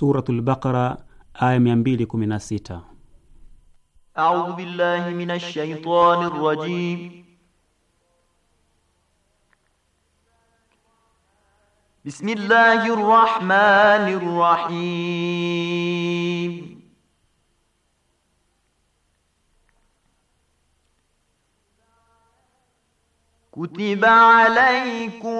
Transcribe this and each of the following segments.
Suratul Baqara aya 216. A'udhu billahi minash shaitanir rajim. Bismillahir rahmanir rahim. Kutiba عليكم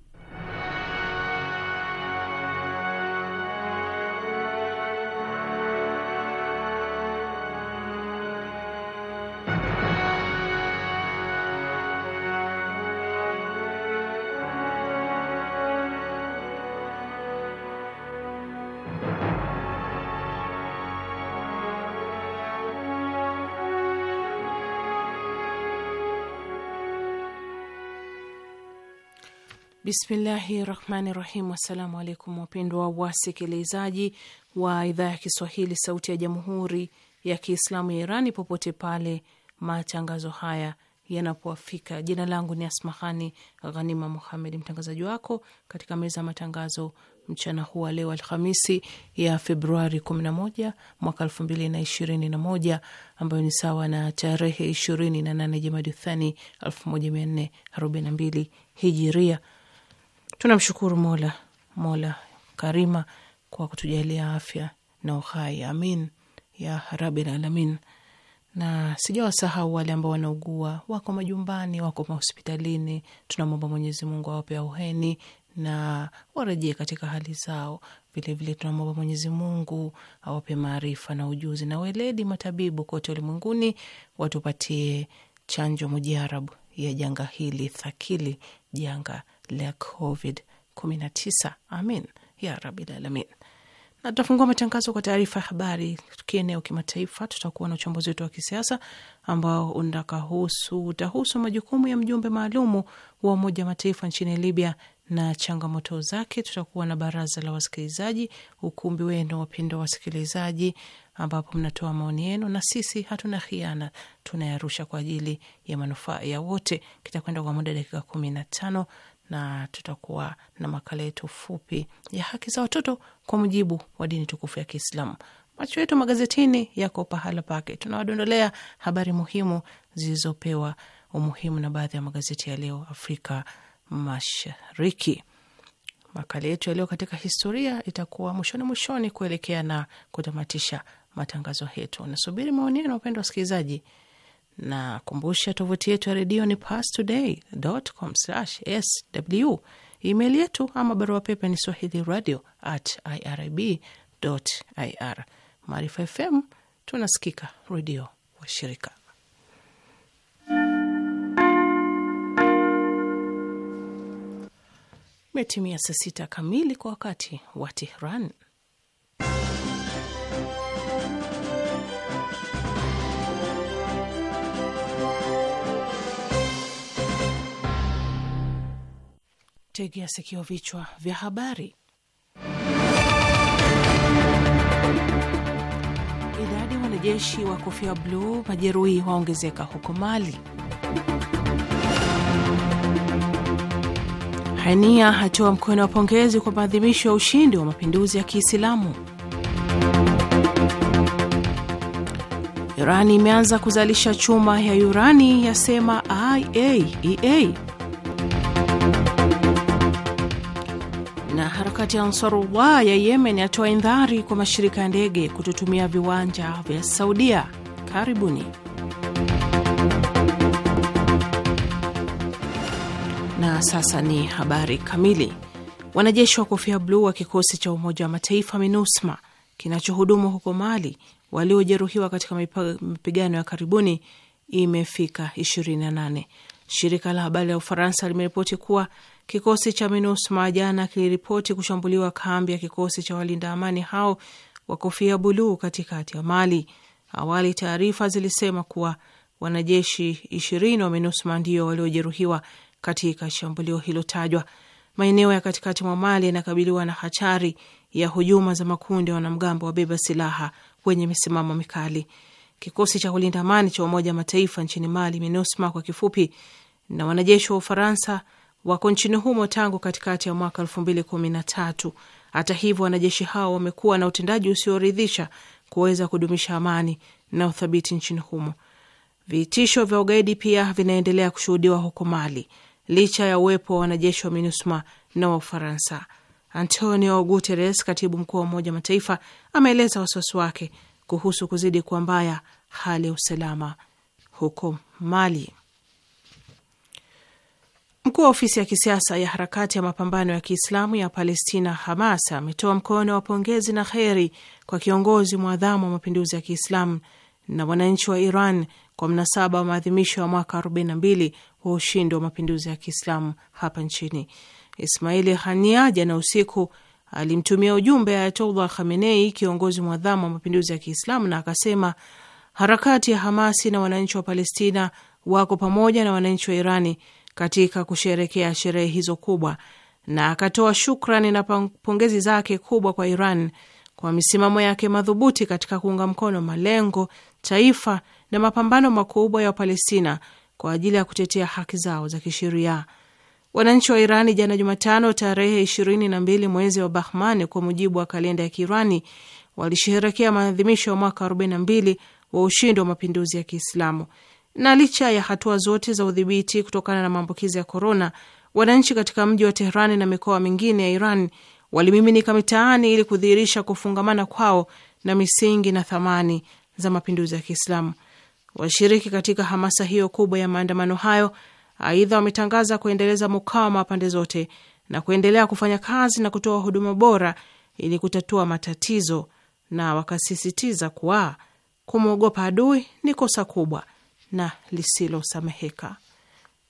Bismillahi rahmani rahim. Assalamu alaikum wapendwa wasikilizaji wa idhaa ya Kiswahili sauti ya jamhuri ya Kiislamu ya Irani popote pale matangazo haya yanapoafika Jina langu ni Asmahani Ghanima Muhamed, mtangazaji wako katika meza ya matangazo mchana huu wa leo Alhamisi ya Februari 11 mwaka 2021 ambayo ni sawa na tarehe 28 Jamadi Thani 1442 Hijiria. Tunamshukuru Mola, Mola Karima, kwa kutujalia afya na uhai, amin ya rabil alamin. Na sijawasahau wale ambao wanaugua, wako majumbani, wako mahospitalini. Tunamwomba Mwenyezi Mungu awape auheni na warejee katika hali zao. Vilevile tunamwomba Mwenyezi Mungu awape maarifa na ujuzi na weledi matabibu kote ulimwenguni, watupatie chanjo mujarabu ya janga hili thakili, janga la COVID 19. Amin ya rabil alamin. Na tutafungua matangazo kwa taarifa ya habari kieneo kimataifa. Tutakuwa na uchambuzi wetu wa kisiasa ambao utahusu majukumu ya mjumbe maalumu wa Umoja Mataifa nchini Libya na changamoto zake. Tutakuwa na baraza la wasikilizaji, ukumbi wenu wapendo wasikilizaji, ambapo mnatoa maoni yenu, na sisi hatuna khiana, tunayarusha kwa ajili ya manufaa ya wote. Kitakwenda kwa muda dakika kumi na tano na tutakuwa na makala yetu fupi ya haki za watoto kwa mujibu wa dini tukufu ya Kiislamu. Macho yetu magazetini yako pahala pake, tunawadondolea habari muhimu zilizopewa umuhimu na baadhi ya magazeti ya leo Afrika Mashariki. Makala yetu ya leo katika historia itakuwa mwishoni mwishoni kuelekea na kutamatisha matangazo yetu. Nasubiri maoni yenu, wapendwa wasikilizaji na kumbusha tovuti yetu ya redio ni pastoday.com/sw. Email yetu ama barua pepe ni swahili radio at irib.ir. Maarifa FM tunasikika redio wa shirika metimia saa sita kamili kwa wakati wa Tehran. Tegea sikio, vichwa vya habari. Idadi ya wanajeshi wa kofia bluu majeruhi waongezeka huko Mali. Hania hatoa mkono wa pongezi kwa maadhimisho ya ushindi wa mapinduzi ya Kiislamu. Irani imeanza kuzalisha chuma ya urani, yasema IAEA. E Harakati ya Ansarullah ya Yemen yatoa indhari kwa mashirika ya ndege kutotumia viwanja vya Saudia. Karibuni na sasa ni habari kamili. Wanajeshi wa kofia bluu wa kikosi cha Umoja wa Mataifa MINUSMA kinachohudumu huko Mali waliojeruhiwa katika mapigano ya karibuni imefika 28. Shirika la habari la Ufaransa limeripoti kuwa Kikosi cha MINUSMA jana kiliripoti kushambuliwa kambi ya kikosi cha walinda amani hao wa kofia buluu katikati ya Mali. Awali taarifa zilisema kuwa wanajeshi ishirini wa MINUSMA ndio waliojeruhiwa katika shambulio hilo tajwa. Maeneo ya katikati mwa Mali yanakabiliwa na hatari ya hujuma za makundi ya wanamgambo wabeba silaha wenye misimamo mikali. Kikosi cha kulinda amani cha Umoja Mataifa nchini Mali, MINUSMA kwa kifupi, na wanajeshi wa Ufaransa wako nchini humo tangu katikati ya mwaka elfu mbili kumi na tatu. Hata hivyo, wanajeshi hao wamekuwa na utendaji usioridhisha kuweza kudumisha amani na uthabiti nchini humo. Vitisho vya ugaidi pia vinaendelea kushuhudiwa huko Mali licha ya uwepo wa wanajeshi wa MINUSMA na wa Ufaransa. Antonio Guterres, katibu mkuu wa Umoja Mataifa, ameeleza wasiwasi wake kuhusu kuzidi kuwa mbaya hali ya usalama huko Mali. Mkuu wa ofisi ya kisiasa ya harakati ya mapambano ya Kiislamu ya Palestina, Hamas, ametoa mkono wa pongezi na kheri kwa kiongozi mwadhamu wa mapinduzi ya Kiislamu na wananchi wa Iran kwa mnasaba wa maadhimisho ya mwaka 42 wa ushindi wa mapinduzi ya Kiislamu hapa nchini. Ismaili Hania jana usiku alimtumia ujumbe Ayatollah Khamenei, kiongozi mwadhamu wa mapinduzi ya Kiislamu, na akasema harakati ya Hamasi na wananchi wa Palestina wako pamoja na wananchi wa Irani katika kusherekea sherehe hizo kubwa, na akatoa shukrani na pongezi zake kubwa kwa Iran kwa misimamo yake madhubuti katika kuunga mkono malengo, taifa na mapambano makubwa ya Wapalestina kwa ajili ya kutetea haki zao za kisheria. Wananchi wa Irani jana Jumatano tarehe mbili mwezi wa Bahman kwa mujibu wa kalenda ya Kiirani walisherehekea maadhimisho ya mwaka 42 wa ushindi wa mapinduzi ya Kiislamu na licha ya hatua zote za udhibiti kutokana na maambukizi ya korona, wananchi katika mji wa Tehrani na mikoa mingine ya Iran walimiminika mitaani ili kudhihirisha kufungamana kwao na misingi na thamani za mapinduzi ya Kiislamu. Washiriki katika hamasa hiyo kubwa ya maandamano hayo aidha wametangaza kuendeleza mukawama wa pande zote na kuendelea kufanya kazi na kutoa huduma bora ili kutatua matatizo, na wakasisitiza kuwa kumwogopa adui ni kosa kubwa na lisilosameheka.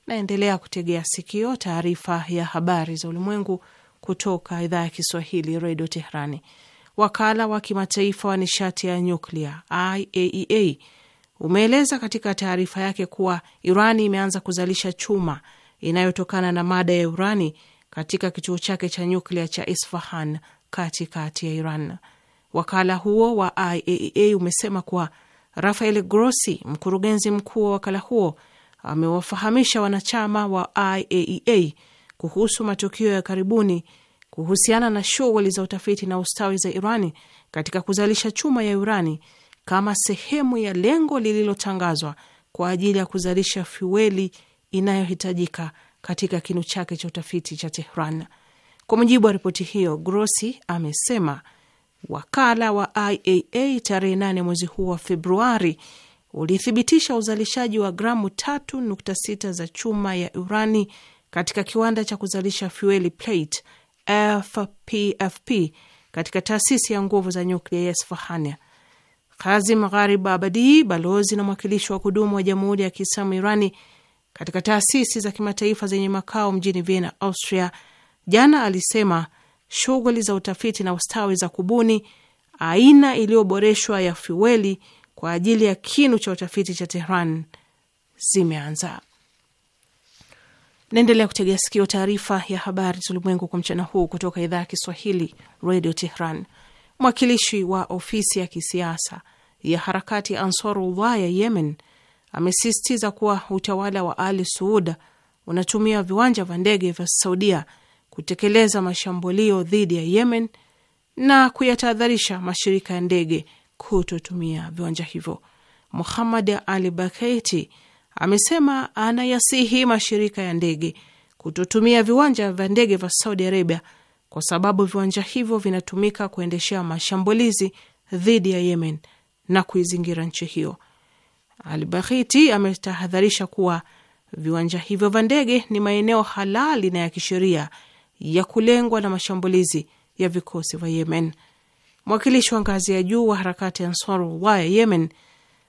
Naendelea kutegea sikio taarifa ya habari za ulimwengu kutoka idhaa ya Kiswahili redio Teherani. Wakala wa kimataifa wa nishati ya nyuklia IAEA e umeeleza katika taarifa yake kuwa Irani imeanza kuzalisha chuma inayotokana na mada ya urani katika kituo chake cha nyuklia cha Isfahan katikati ya Iran. Wakala huo wa IAEA e umesema kuwa Rafael Grossi, mkurugenzi mkuu wa wakala huo, amewafahamisha wanachama wa IAEA e kuhusu matukio ya karibuni kuhusiana na shughuli za utafiti na ustawi za Irani katika kuzalisha chuma ya urani kama sehemu ya lengo lililotangazwa kwa ajili ya kuzalisha fueli inayohitajika katika kinu chake cha utafiti cha Tehran. Kwa mujibu wa ripoti hiyo, Grossi amesema Wakala wa IAA tarehe 8 mwezi huu wa Februari ulithibitisha uzalishaji wa gramu 3.6 za chuma ya urani katika kiwanda cha kuzalisha fueli plate FPFP katika taasisi ya nguvu za nyuklia ya Isfahani. Kazim Gharib Abadi, balozi na mwakilishi wa kudumu wa Jamhuri ya Kiislamu Irani katika taasisi za kimataifa zenye makao mjini Vienna, Austria, jana alisema shughuli za utafiti na ustawi za kubuni aina iliyoboreshwa ya fiweli kwa ajili ya kinu cha utafiti cha Tehran zimeanza. Naendelea kutegea sikio taarifa ya habari za ulimwengu kwa mchana huu kutoka idhaa ya Kiswahili Radio Tehran. Mwakilishi wa ofisi ya kisiasa ya harakati Ansarullah ya Yemen amesisitiza kuwa utawala wa Ali Suud unatumia viwanja vya ndege vya Saudia kutekeleza mashambulio dhidi ya Yemen na kuyatahadharisha mashirika ya ndege kutotumia viwanja hivyo. Muhammad Ali Bakaiti amesema anayasihi mashirika ya ndege kutotumia viwanja vya ndege vya Saudi Arabia kwa sababu viwanja hivyo vinatumika kuendeshea mashambulizi dhidi ya Yemen na kuizingira nchi hiyo. Al Baghiti ametahadharisha kuwa viwanja hivyo vya ndege ni maeneo halali na ya kisheria ya kulengwa na mashambulizi ya vikosi vya Yemen. Mwakilishi wa ngazi ya juu wa harakati ya Ansarullah ya Yemen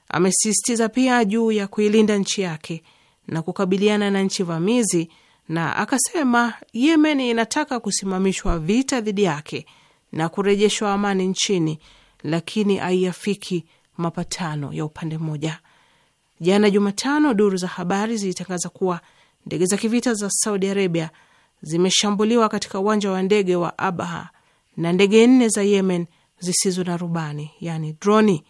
amesisitiza pia juu ya kuilinda nchi yake na kukabiliana na nchi vamizi, na akasema Yemen inataka kusimamishwa vita dhidi yake na kurejeshwa amani nchini, lakini haiyafiki mapatano ya upande mmoja. Jana Jumatano, duru za habari zilitangaza kuwa ndege za kivita za Saudi Arabia zimeshambuliwa katika uwanja wa ndege wa abha na ndege nne za Yemen zisizo na rubani yani droni.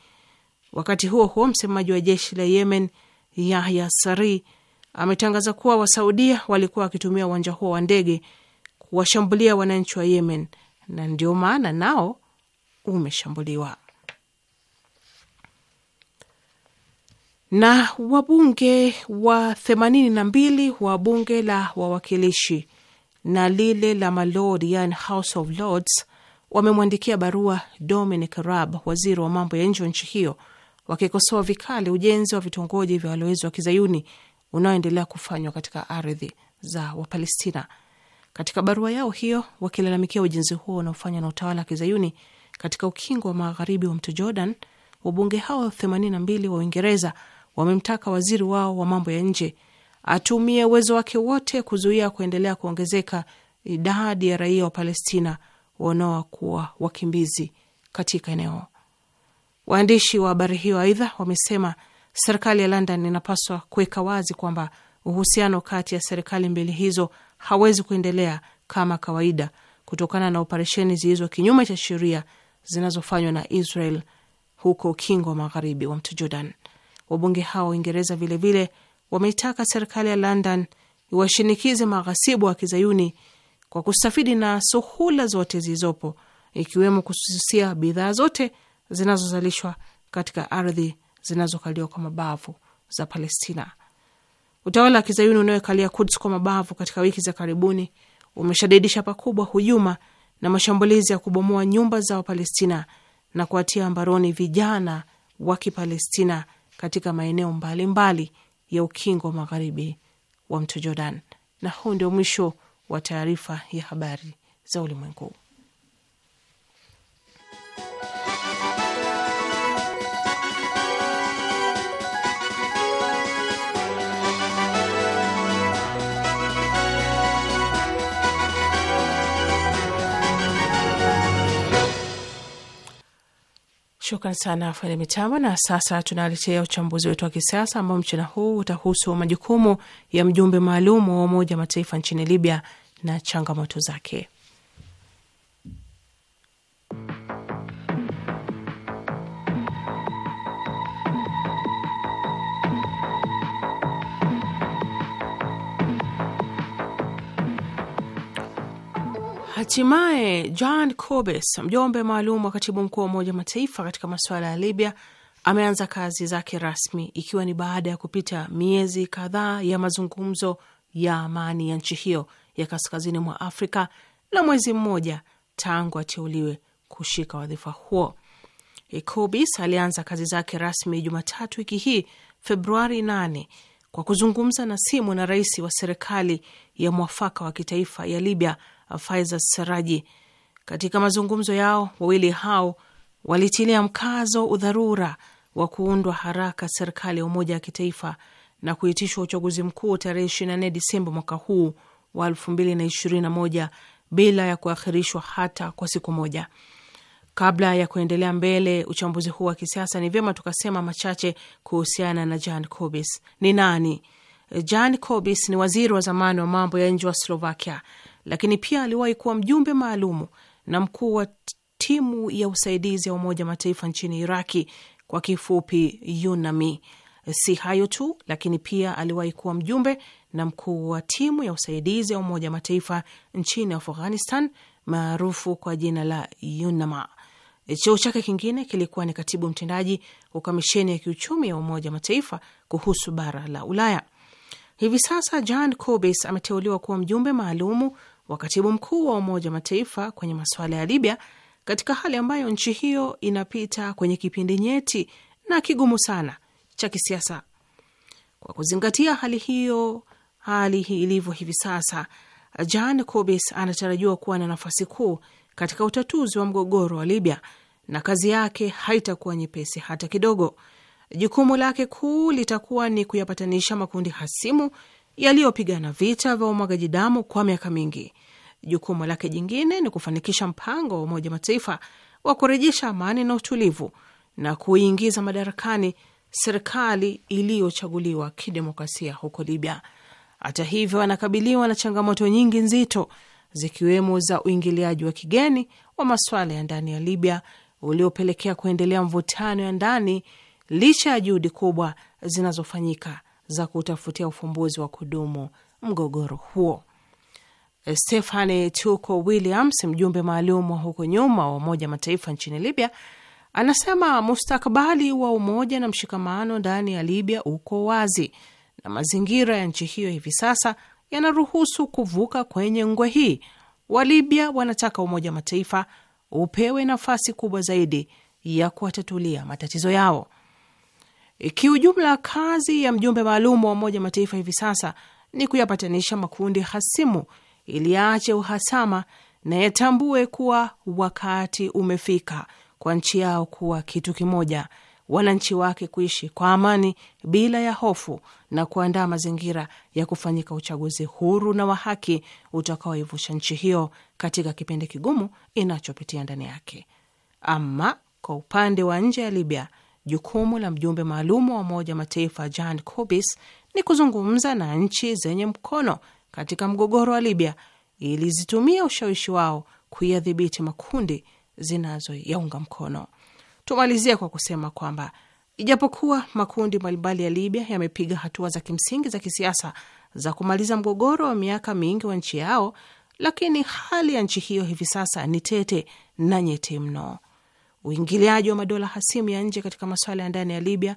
Wakati huo huo, msemaji wa jeshi la Yemen Yahya Sari ametangaza kuwa Wasaudia walikuwa wakitumia uwanja huo wa ndege kuwashambulia wananchi wa Yemen na ndio maana nao umeshambuliwa. Na wabunge wa themanini na mbili wa bunge la wawakilishi na lile la malodi, yani House of Lords, wamemwandikia barua Dominic Raab, waziri wa mambo ya nje wa nchi hiyo, wakikosoa vikali ujenzi wa vitongoji vya walowezi wa kizayuni unaoendelea kufanywa katika ardhi za Wapalestina. Katika barua yao hiyo, wakilalamikia ujenzi huo unaofanywa na utawala wa kizayuni katika ukingo wa magharibi wa mto Jordan, wabunge hao 82 wa Uingereza wamemtaka waziri wao wa mambo ya nje atumie uwezo wake wote kuzuia kuendelea kuongezeka idadi ya raia wa Palestina wanaokuwa wakimbizi katika eneo. Waandishi wa habari hiyo aidha wamesema serikali ya London inapaswa kuweka wazi kwamba uhusiano kati ya serikali mbili hizo hawezi kuendelea kama kawaida kutokana na operesheni zilizo kinyume cha sheria zinazofanywa na Israel huko ukingo wa magharibi wa mto Jordan. Wabunge hao wa Uingereza vilevile wameitaka serikali ya London iwashinikize maghasibu wa kizayuni kwa kustafidi na suhula zote zilizopo, ikiwemo kususia bidhaa zote zinazozalishwa katika ardhi zinazokaliwa kwa mabavu za Palestina. Utawala wa kizayuni unaoekalia Kuds kwa mabavu katika wiki za karibuni umeshadidisha pakubwa hujuma na mashambulizi ya kubomoa nyumba za Wapalestina na kuwatia mbaroni vijana wa Kipalestina katika maeneo mbalimbali ya ukingo wa magharibi wa mto Jordan. Na huu ndio mwisho wa taarifa ya habari za ulimwengu. Shukran sana Fani Mitambo. Na sasa tunaletea uchambuzi wetu wa kisiasa ambao mchana huu utahusu majukumu ya mjumbe maalum wa Umoja wa Mataifa nchini Libya na changamoto zake. Hatimaye John Cobes, mjumbe maalum wa katibu mkuu wa Umoja Mataifa katika masuala ya Libya, ameanza kazi zake rasmi ikiwa ni baada ya kupita miezi kadhaa ya mazungumzo ya amani ya nchi hiyo ya kaskazini mwa Afrika na mwezi mmoja tangu ateuliwe kushika wadhifa huo. E, Cobes alianza kazi zake rasmi Jumatatu wiki hii Februari 8 kwa kuzungumza na simu na rais wa serikali ya mwafaka wa kitaifa ya Libya Faiza Saraji. Katika mazungumzo yao, wawili hao walitilia mkazo udharura wa kuundwa haraka serikali ya umoja wa kitaifa na kuitishwa uchaguzi mkuu tarehe 24 Disemba mwaka huu wa 2021 bila ya kuakhirishwa hata kwa siku moja. Kabla ya kuendelea mbele uchambuzi huu wa kisiasa, ni vyema tukasema machache kuhusiana na Jan Kobis. Ni nani? Jan Kobis ni waziri wa zamani wa mambo ya nje wa Slovakia lakini pia aliwahi kuwa mjumbe maalumu na mkuu wa timu ya usaidizi ya Umoja Mataifa nchini Iraki, kwa kifupi UNAMI. Si hayo tu, lakini pia aliwahi kuwa mjumbe na mkuu wa timu ya usaidizi ya Umoja Mataifa nchini Afghanistan, maarufu kwa jina la UNAMA. Cheo chake kingine kilikuwa ni katibu mtendaji wa kamisheni ya kiuchumi ya Umoja Mataifa kuhusu bara la Ulaya. Hivi sasa John Corbis ameteuliwa kuwa mjumbe maalumu wa katibu mkuu wa Umoja wa Mataifa kwenye masuala ya Libya, katika hali ambayo nchi hiyo inapita kwenye kipindi nyeti na kigumu sana cha kisiasa. Kwa kuzingatia hali hiyo, hali ilivyo hivi sasa, Jan Kobis anatarajiwa kuwa na nafasi kuu katika utatuzi wa mgogoro wa Libya, na kazi yake haitakuwa nyepesi hata kidogo. Jukumu lake kuu litakuwa ni kuyapatanisha makundi hasimu yaliyopigana vita vya umwagaji damu kwa miaka mingi. Jukumu lake jingine ni kufanikisha mpango wa Umoja Mataifa wa kurejesha amani na utulivu na kuingiza madarakani serikali iliyochaguliwa kidemokrasia huko Libya. Hata hivyo, anakabiliwa na changamoto nyingi nzito, zikiwemo za uingiliaji wa kigeni wa masuala ya ndani ya Libya uliopelekea kuendelea mvutano ya ndani licha ya juhudi kubwa zinazofanyika za kutafutia ufumbuzi wa kudumu mgogoro huo. Stefane Tuko Williams, mjumbe maalum wa huko nyuma wa Umoja Mataifa nchini Libya, anasema mustakabali wa umoja na mshikamano ndani ya Libya uko wazi na mazingira ya nchi hiyo hivi sasa yanaruhusu kuvuka kwenye ngwe hii. Walibya wanataka Umoja wa Mataifa upewe nafasi kubwa zaidi ya kuwatatulia matatizo yao. E, kiujumla, kazi ya mjumbe maalum wa Umoja Mataifa hivi sasa ni kuyapatanisha makundi hasimu ili yaache uhasama na yatambue kuwa wakati umefika kwa nchi yao kuwa kitu kimoja, wananchi wake kuishi kwa amani bila ya hofu na kuandaa mazingira ya kufanyika uchaguzi huru na wa haki utakaoivusha nchi hiyo katika kipindi kigumu inachopitia ndani yake. Ama kwa upande wa nje ya Libya, jukumu la mjumbe maalum wa Umoja Mataifa Jan Kubis ni kuzungumza na nchi zenye mkono katika mgogoro wa Libya ili zitumie ushawishi wao kuyadhibiti makundi zinazoyaunga mkono. tumalizia kwa kusema kwamba ijapokuwa makundi mbalimbali ya Libya yamepiga hatua za kimsingi za kisiasa za kumaliza mgogoro wa miaka mingi wa nchi yao, lakini hali ya nchi hiyo hivi sasa ni tete na nyeti mno uingiliaji wa madola hasimu ya nje katika masuala ya ndani ya Libya,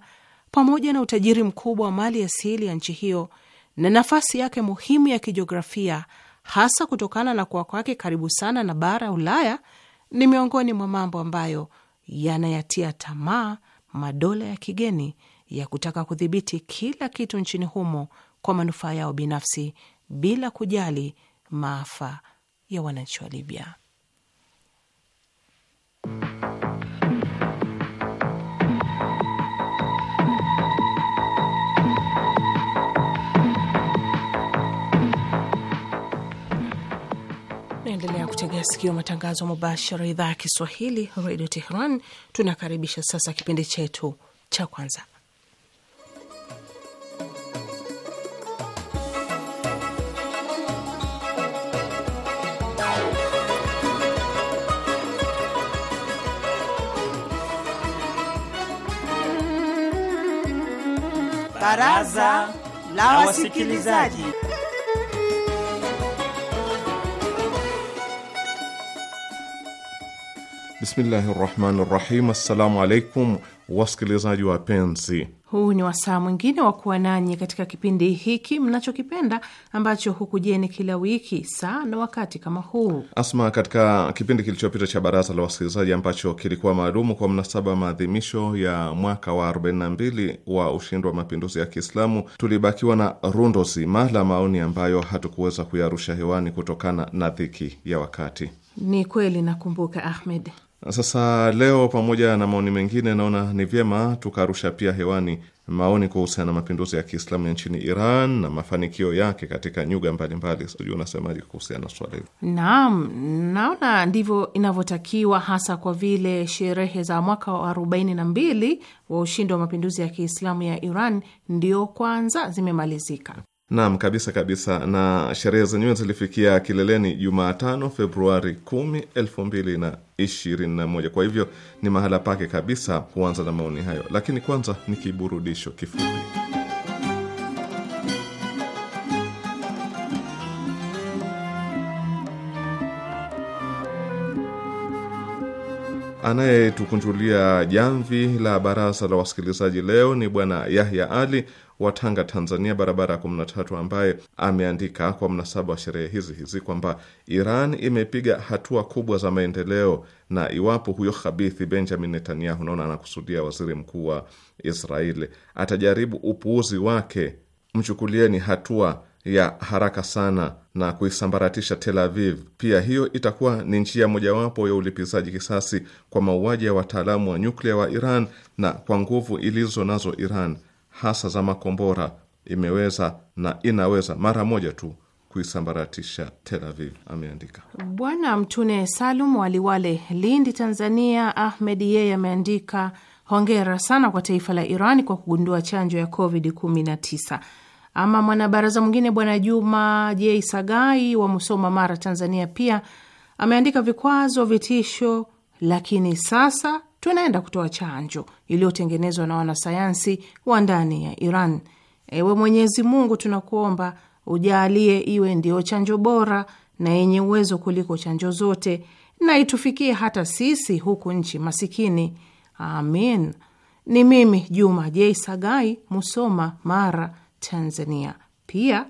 pamoja na utajiri mkubwa wa mali asili ya nchi hiyo na nafasi yake muhimu ya kijiografia, hasa kutokana na kuwa kwake karibu sana na bara Ulaya, ni miongoni mwa mambo ambayo yanayatia tamaa madola ya kigeni ya kutaka kudhibiti kila kitu nchini humo kwa manufaa yao binafsi bila kujali maafa ya wananchi wa Libya. kutegea sikio matangazo mubashara idhaa ya Kiswahili redio Tehran. Tunakaribisha sasa kipindi chetu cha kwanza Baraza la Wasikilizaji. Bismillahi rahmani rahim. Assalamu alaikum wasikilizaji wapenzi, huu ni wasaa mwingine wa kuwa nanyi katika kipindi hiki mnachokipenda ambacho hukujeni kila wiki saa na wakati kama huu. Asma, katika kipindi kilichopita cha baraza la wasikilizaji ambacho kilikuwa maalumu kwa mnasaba maadhimisho ya mwaka wa 42 wa ushindi wa mapinduzi ya Kiislamu, tulibakiwa na rundo zima la maoni ambayo hatukuweza kuyarusha hewani kutokana na dhiki ya wakati. Ni kweli nakumbuka, Ahmed. Sasa leo, pamoja na maoni mengine, naona ni vyema tukarusha pia hewani maoni kuhusiana na mapinduzi ya Kiislamu ya nchini Iran na mafanikio yake katika nyuga mbalimbali. Sijui unasemaje kuhusiana na swala hili? Naam, naona ndivyo inavyotakiwa, hasa kwa vile sherehe za mwaka wa arobaini na mbili wa ushindi wa mapinduzi ya Kiislamu ya Iran ndio kwanza zimemalizika. Naam, kabisa kabisa. Na sherehe zenyewe zilifikia kileleni Jumatano Februari 10, 2021. Kwa hivyo ni mahala pake kabisa kuanza na maoni hayo, lakini kwanza ni kiburudisho kifupi. Anayetukunjulia jamvi la baraza la wasikilizaji leo ni Bwana Yahya Ali wa Tanga, Tanzania, barabara ya 13, ambaye ameandika kwa mnasaba wa sherehe hizi hizi kwamba Iran imepiga hatua kubwa za maendeleo, na iwapo huyo khabithi Benjamin Netanyahu, naona anakusudia waziri mkuu wa Israeli, atajaribu upuuzi wake, mchukulieni hatua ya haraka sana na kuisambaratisha Tel Aviv. Pia hiyo itakuwa ni njia mojawapo ya ulipizaji kisasi kwa mauaji ya wataalamu wa nyuklia wa Iran na kwa nguvu ilizo nazo Iran hasa za makombora imeweza na inaweza mara moja tu kuisambaratisha Tel Aviv, ameandika Bwana Mtune Salum Waliwale, Lindi, Tanzania. ahmed yeye ameandika hongera sana kwa taifa la Iran kwa kugundua chanjo ya Covid 19. Ama mwanabaraza mwingine Bwana Juma J Sagai wa Musoma, Mara, Tanzania, pia ameandika vikwazo, vitisho, lakini sasa tunaenda kutoa chanjo iliyotengenezwa na wanasayansi wa ndani ya Iran. Ewe Mwenyezi Mungu, tunakuomba ujaalie iwe ndiyo chanjo bora na yenye uwezo kuliko chanjo zote, na itufikie hata sisi huku nchi masikini. Amin. Ni mimi Juma J Sagai, Musoma, Mara, Tanzania. Pia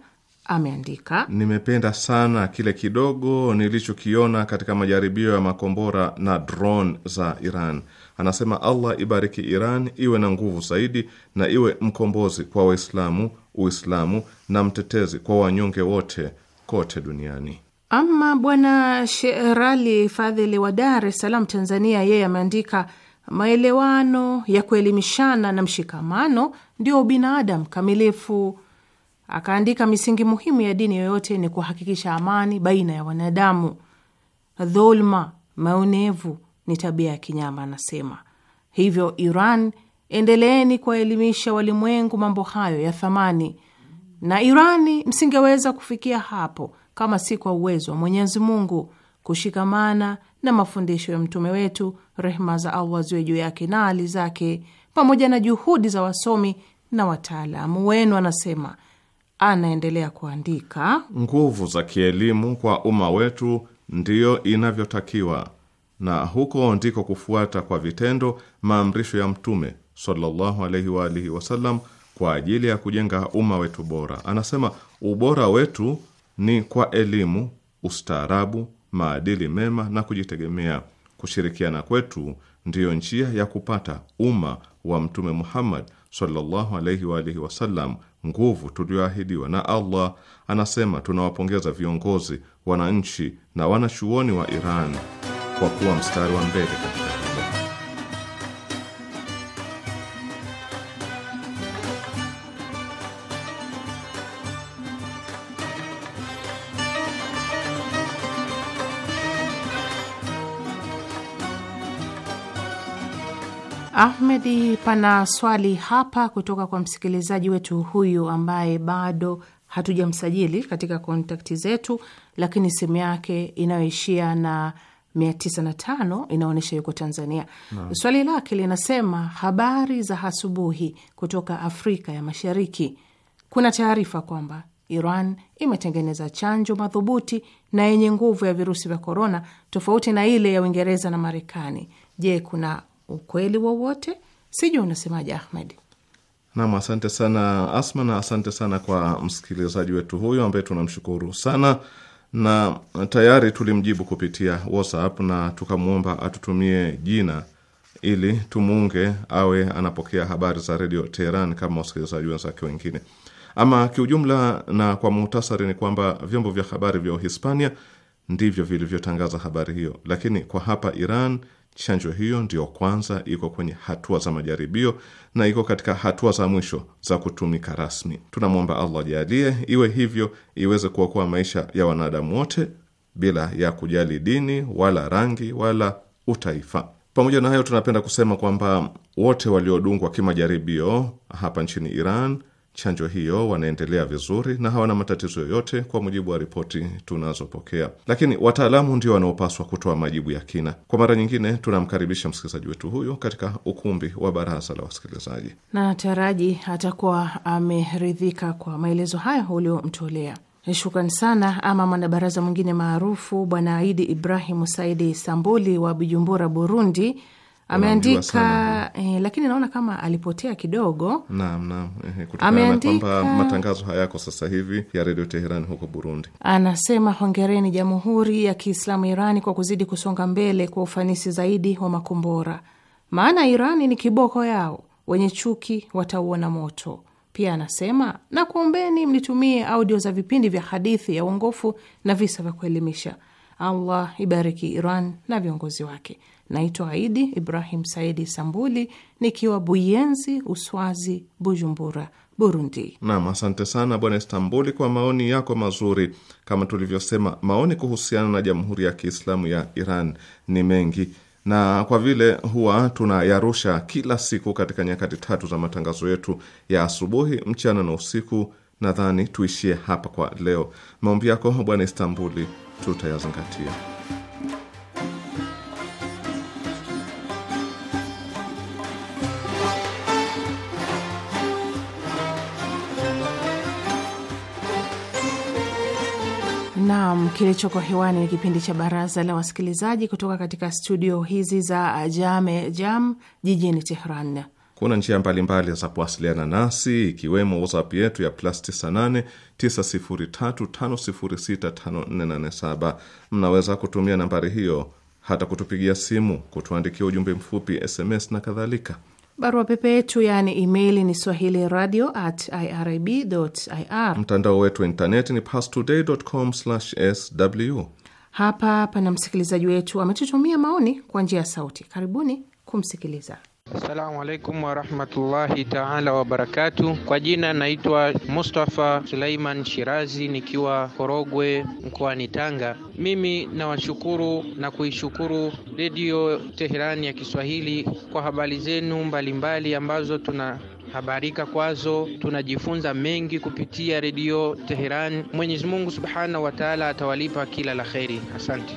ameandika nimependa sana kile kidogo nilichokiona katika majaribio ya makombora na drone za Iran. Anasema Allah ibariki Iran, iwe na nguvu zaidi na iwe mkombozi kwa Waislamu, Uislamu na mtetezi kwa wanyonge wote kote duniani. Ama bwana Sherali Fadhili wa Dar es Salaam, Tanzania, yeye ameandika maelewano ya kuelimishana na mshikamano ndio binadamu kamilifu. Akaandika misingi muhimu ya dini yoyote ni kuhakikisha amani baina ya wanadamu. Dhulma, maonevu ni tabia ya kinyama, anasema. Hivyo Iran, endeleeni kuwaelimisha walimwengu mambo hayo ya thamani, na Irani msingeweza kufikia hapo kama si kwa uwezo wa Mwenyezi Mungu kushikamana na mafundisho ya mtume wetu, rehma za Allah ziwe juu yake na hali zake, pamoja na juhudi za wasomi na wataalamu wenu, anasema. Anaendelea kuandika, nguvu za kielimu kwa umma wetu ndiyo inavyotakiwa na huko ndiko kufuata kwa vitendo maamrisho ya Mtume sallallahu alaihi wa alihi wasallam kwa ajili ya kujenga umma wetu bora. Anasema ubora wetu ni kwa elimu, ustaarabu, maadili mema na kujitegemea. Kushirikiana kwetu ndiyo njia ya kupata umma wa Mtume Muhammad sallallahu alaihi wa alihi wasallam, nguvu tuliyoahidiwa na Allah. Anasema tunawapongeza viongozi, wananchi na wanachuoni wa Iran kwa kuwa mstari wa mbele katika hilo. Ahmedi, pana swali hapa kutoka kwa msikilizaji wetu huyu ambaye bado hatujamsajili katika kontakti zetu, lakini simu yake inayoishia na 905 inaonyesha yuko Tanzania. No. Swali lake linasema habari za asubuhi kutoka Afrika ya Mashariki. Kuna taarifa kwamba Iran imetengeneza chanjo madhubuti na yenye nguvu ya virusi vya korona tofauti na ile ya Uingereza na Marekani. Je, kuna ukweli wowote? Sijui unasemaje Ahmed? Nam, asante sana Asma, na asante sana kwa msikilizaji wetu huyo ambaye tunamshukuru sana na tayari tulimjibu kupitia WhatsApp na tukamwomba atutumie jina ili tumuunge awe anapokea habari za redio Teheran kama wasikilizaji wenzake wengine. Ama kiujumla na kwa muhtasari, ni kwamba vyombo vya habari vya Uhispania ndivyo vilivyotangaza habari hiyo, lakini kwa hapa Iran Chanjo hiyo ndiyo kwanza iko kwenye hatua za majaribio na iko katika hatua za mwisho za kutumika rasmi. Tunamwomba Allah jalie iwe hivyo, iweze kuokoa maisha ya wanadamu wote bila ya kujali dini wala rangi wala utaifa. Pamoja na hayo, tunapenda kusema kwamba wote waliodungwa kimajaribio hapa nchini Iran chanjo hiyo wanaendelea vizuri na hawana matatizo yoyote, kwa mujibu wa ripoti tunazopokea, lakini wataalamu ndio wanaopaswa kutoa majibu ya kina. Kwa mara nyingine, tunamkaribisha msikilizaji wetu huyo katika ukumbi wa baraza la wasikilizaji, na taraji atakuwa ameridhika kwa maelezo hayo uliomtolea. Shukran sana. Ama mwanabaraza mwingine maarufu Bwana Aidi Ibrahimu Saidi Sambuli wa Bujumbura, Burundi, ameandika eh, lakini naona kama alipotea kidogo. Naam, naam, eh, kutokana na kwamba matangazo hayako sasa hivi ya redio Teheran huko Burundi. Anasema hongereni Jamhuri ya Kiislamu Irani kwa kuzidi kusonga mbele kwa ufanisi zaidi wa makombora, maana Irani ni kiboko yao, wenye chuki watauona moto. Pia anasema nakuombeni mnitumie audio za vipindi vya hadithi ya uongofu na visa vya kuelimisha Allah ibariki Iran na viongozi wake. Naitwa Aidi Ibrahim Saidi Sambuli nikiwa Buyenzi, Uswazi, Bujumbura, Burundi. Nam, asante sana Bwana Istambuli kwa maoni yako mazuri. Kama tulivyosema, maoni kuhusiana na Jamhuri ya Kiislamu ya Iran ni mengi na kwa vile huwa tunayarusha kila siku katika nyakati tatu za matangazo yetu ya asubuhi, mchana na usiku, nadhani tuishie hapa kwa leo. Maombi yako Bwana Istambuli tutayazingatia. Naam, kilichoko hewani ni kipindi cha Baraza la Wasikilizaji kutoka katika studio hizi za Jame Jam jijini Tehran. Kuna njia mbalimbali mbali za kuwasiliana nasi ikiwemo WhatsApp yetu ya plus 98 Mnaweza kutumia nambari hiyo hata kutupigia simu, kutuandikia ujumbe mfupi SMS na kadhalika. Barua pepe yetu yaani email ni swahili radio at irib ir. Mtandao wetu wa intaneti ni pastoday.com sw. Hapa pana msikilizaji wetu ametutumia maoni kwa njia ya sauti. Karibuni kumsikiliza. Assalamu alaikum warahmatullahi taala wabarakatu. Kwa jina naitwa Mustafa Suleiman Shirazi nikiwa Korogwe mkoani Tanga. Mimi nawashukuru na kuishukuru Redio Teherani ya Kiswahili kwa habari zenu mbalimbali ambazo tuna habarika kwazo, tunajifunza mengi kupitia Redio teheran Mwenyezi Mungu subhanahu wa taala atawalipa kila la kheri. Asante.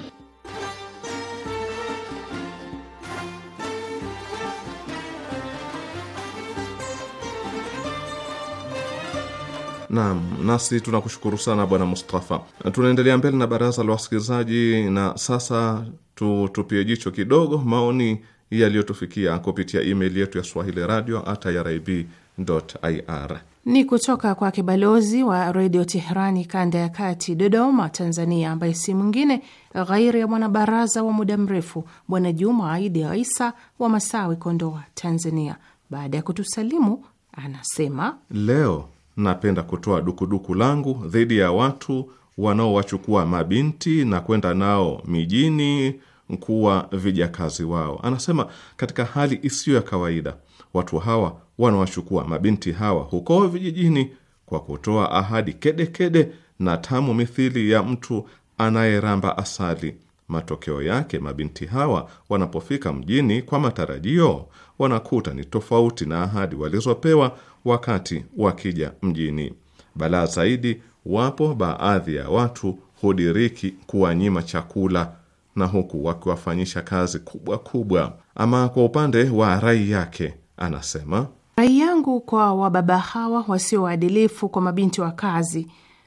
Naam, nasi tunakushukuru sana bwana Mustafa. Tunaendelea mbele na baraza la wasikilizaji, na sasa tutupie jicho kidogo maoni yaliyotufikia kupitia email yetu ya swahili radio at irib.ir. Ni kutoka kwa kibalozi wa redio Teherani kanda ya kati Dodoma, Tanzania, ambaye si mwingine ghairi ya mwanabaraza wa muda mrefu bwana Juma Aidi Isa wa Masawi, Kondoa, Tanzania. Baada ya kutusalimu, anasema leo napenda kutoa dukuduku langu dhidi ya watu wanaowachukua mabinti na kwenda nao mijini kuwa vijakazi wao. Anasema katika hali isiyo ya kawaida, watu hawa wanawachukua mabinti hawa huko vijijini kwa kutoa ahadi kedekede kede na tamu mithili ya mtu anayeramba asali. Matokeo yake mabinti hawa wanapofika mjini kwa matarajio, wanakuta ni tofauti na ahadi walizopewa wakati wakija mjini. Balaa zaidi, wapo baadhi ya watu hudiriki kuwanyima chakula na huku wakiwafanyisha kazi kubwa kubwa. Ama kwa upande wa rai yake anasema, rai yangu kwa wababa hawa wasio waadilifu kwa mabinti wa kazi,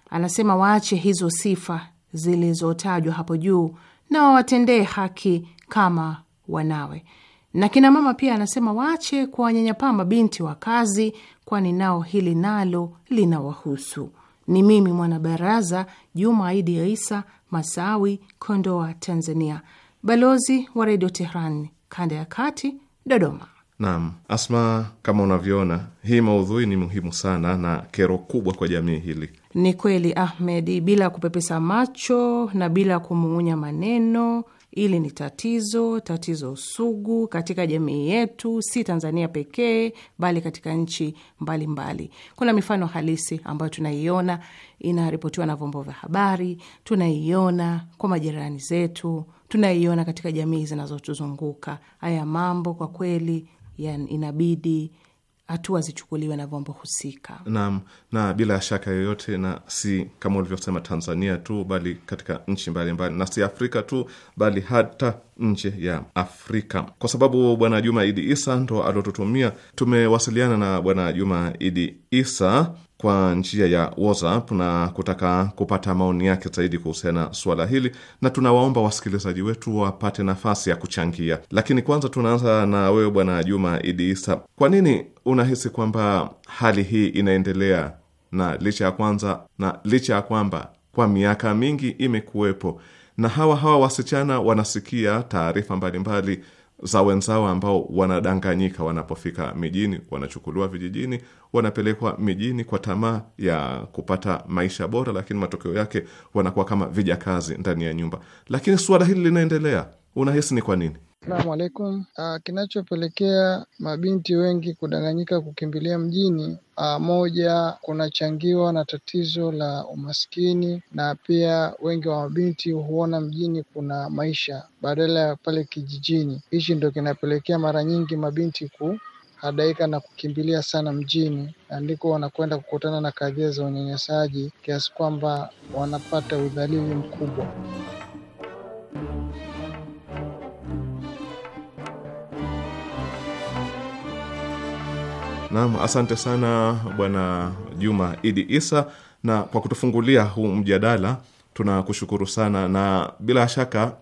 anasema waache hizo sifa zilizotajwa hapo juu na wawatendee haki kama wanawe na kina mama pia anasema waache kuwanyanyapaa mabinti wa kazi, kwani nao hili nalo linawahusu. Ni mimi mwanabaraza Juma Aidi ya Isa Masawi, Kondoa, Tanzania, balozi wa Redio Tehran kanda ya kati, Dodoma. Naam, Asma, kama unavyoona hii maudhui ni muhimu sana na kero kubwa kwa jamii hili. Ni kweli Ahmedi, bila kupepesa macho na bila kumuunya maneno Hili ni tatizo, tatizo sugu katika jamii yetu, si Tanzania pekee, bali katika nchi mbalimbali mbali. Kuna mifano halisi ambayo tunaiona inaripotiwa na vyombo vya habari, tunaiona kwa majirani zetu, tunaiona katika jamii zinazotuzunguka. Haya mambo kwa kweli inabidi hatua zichukuliwe na vyombo husika. Naam, na bila shaka yoyote, na si kama ulivyosema Tanzania tu, bali katika nchi mbalimbali, na si Afrika tu, bali hata nje ya Afrika. Kwa sababu Bwana Juma Idi Isa ndo aliotutumia, tumewasiliana na Bwana Juma Idi Isa kwa njia ya WhatsApp na kutaka kupata maoni yake zaidi kuhusiana na suala hili, na tunawaomba wasikilizaji wetu wapate nafasi ya kuchangia. Lakini kwanza tunaanza na wewe Bwana Juma Idi Isa, kwa nini unahisi kwamba hali hii inaendelea na licha ya kwanza na licha ya kwamba kwa miaka mingi imekuwepo na hawa hawa wasichana wanasikia taarifa mbalimbali za wenzao ambao wanadanganyika wanapofika mijini, wanachukuliwa vijijini, wanapelekwa mijini kwa tamaa ya kupata maisha bora, lakini matokeo yake wanakuwa kama vijakazi ndani ya nyumba. Lakini suala hili linaendelea, unahisi ni kwa nini? salamu alaikum. Ah, kinachopelekea mabinti wengi kudanganyika kukimbilia mjini, ah, moja, kunachangiwa na tatizo la umaskini, na pia wengi wa mabinti huona mjini kuna maisha badala ya pale kijijini. Hichi ndio kinapelekea mara nyingi mabinti ku hadaika na kukimbilia sana mjini, na ndiko wanakwenda kukutana na kadhia za unyanyasaji kiasi kwamba wanapata udhalili mkubwa. Naam, asante sana Bwana Juma Idi Isa, na kwa kutufungulia huu mjadala tunakushukuru sana, na bila shaka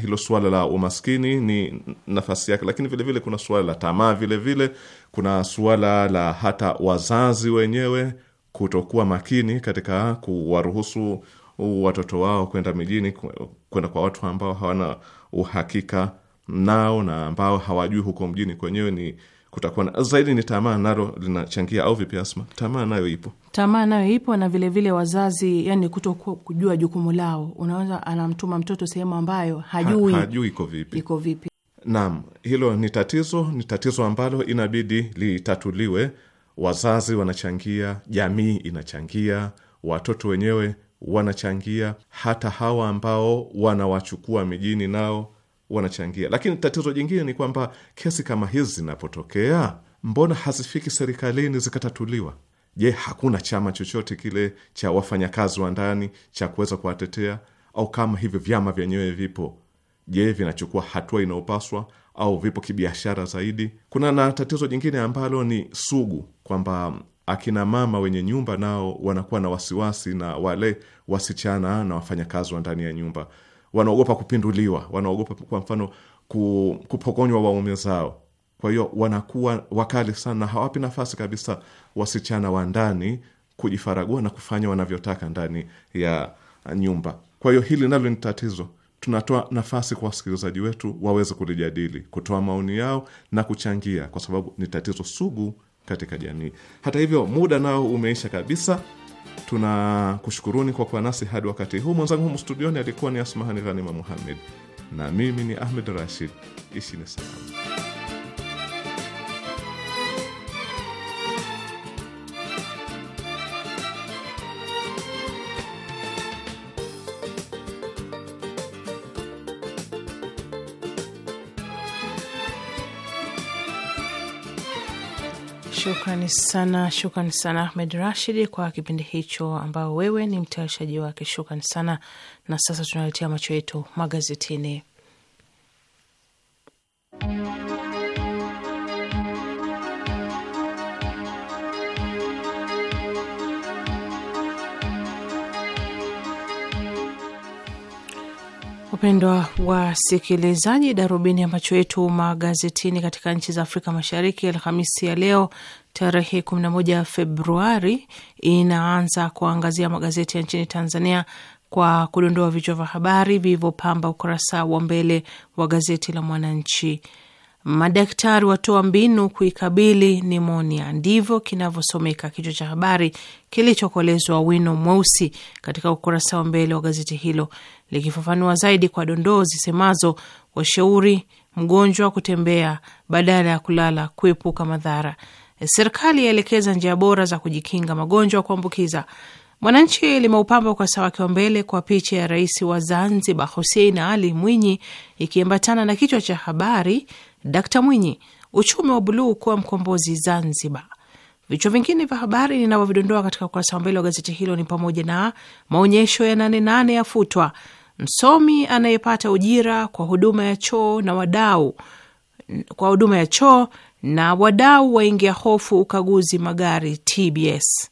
hilo suala la umaskini ni nafasi yake, lakini vilevile vile kuna suala la tamaa, vilevile kuna suala la hata wazazi wenyewe kutokuwa makini katika kuwaruhusu watoto wao kwenda mijini, kwenda kwa watu ambao hawana uhakika nao na ambao hawajui huko mjini kwenyewe ni kutakuwa na zaidi. Ni tamaa nalo linachangia, au vipi Asma? Tamaa nayo ipo, tamaa nayo ipo, na vilevile vile wazazi, yani kuto kujua jukumu lao. Unaweza anamtuma mtoto sehemu ambayo hajui, ha, hajui iko vipi, iko vipi. Naam, hilo ni tatizo, ni tatizo ambalo inabidi litatuliwe. Wazazi wanachangia, jamii inachangia, watoto wenyewe wanachangia, hata hawa ambao wanawachukua mijini nao wanachangia. Lakini tatizo jingine ni kwamba kesi kama hizi zinapotokea, mbona hazifiki serikalini zikatatuliwa? Je, hakuna chama chochote kile cha wafanyakazi wa ndani cha kuweza kuwatetea? Au kama hivyo vyama vyenyewe vipo, je, vinachukua hatua inayopaswa au vipo kibiashara zaidi? Kuna na tatizo jingine ambalo ni sugu kwamba akina mama wenye nyumba nao wanakuwa na wasiwasi na wale wasichana na wafanyakazi wa ndani ya nyumba wanaogopa kupinduliwa, wanaogopa kwa mfano kupokonywa waume zao. Kwa hiyo wanakuwa wakali sana, hawapi nafasi kabisa wasichana wa ndani kujifaragua na kufanya wanavyotaka ndani ya nyumba. Kwa hiyo hili nalo ni tatizo. Tunatoa nafasi kwa wasikilizaji wetu waweze kulijadili, kutoa maoni yao na kuchangia, kwa sababu ni tatizo sugu katika jamii. Hata hivyo, muda nao umeisha kabisa. Tunakushukuruni kwa kuwa nasi hadi wakati huu. Mwenzangu humu studioni alikuwa ni Asmahani Ghanima Muhammed na mimi ni Ahmed Rashid. ishi ni salama. Shukrani sana, shukrani sana Ahmed Rashid kwa kipindi hicho ambao wewe ni mtayarishaji wake. Shukrani sana. Na sasa tunaletea macho yetu magazetini. Wapendwa wasikilizaji, darubini ya macho yetu magazetini katika nchi za Afrika Mashariki, Alhamisi ya leo tarehe 11 Februari inaanza kuangazia magazeti ya nchini Tanzania kwa kudondoa vichwa vya habari vilivyopamba ukurasa wa mbele wa gazeti la Mwananchi. Madaktari watoa mbinu kuikabili nimonia, ndivyo kinavyosomeka kichwa cha habari kilichokolezwa wino mweusi katika ukurasa wa mbele wa gazeti hilo, likifafanua zaidi kwa dondoo zisemazo washauri mgonjwa kutembea badala ya kulala kuepuka madhara serikali yaelekeza njia bora za kujikinga magonjwa kuambukiza. Mwananchi limeupamba ukurasa wake wa mbele kwa picha ya rais wa Zanzibar Hussein Ali Mwinyi ikiambatana na kichwa cha habari, Dkt Mwinyi, uchumi wa buluu kuwa mkombozi Zanzibar. Vichwa vingine vya habari ninavyovidondoa katika ukurasa wa mbele wa gazeti hilo ni pamoja na maonyesho ya nane nane yafutwa, msomi anayepata ujira kwa huduma ya choo na wadau kwa huduma ya choo na wadau waingia hofu ukaguzi magari TBS.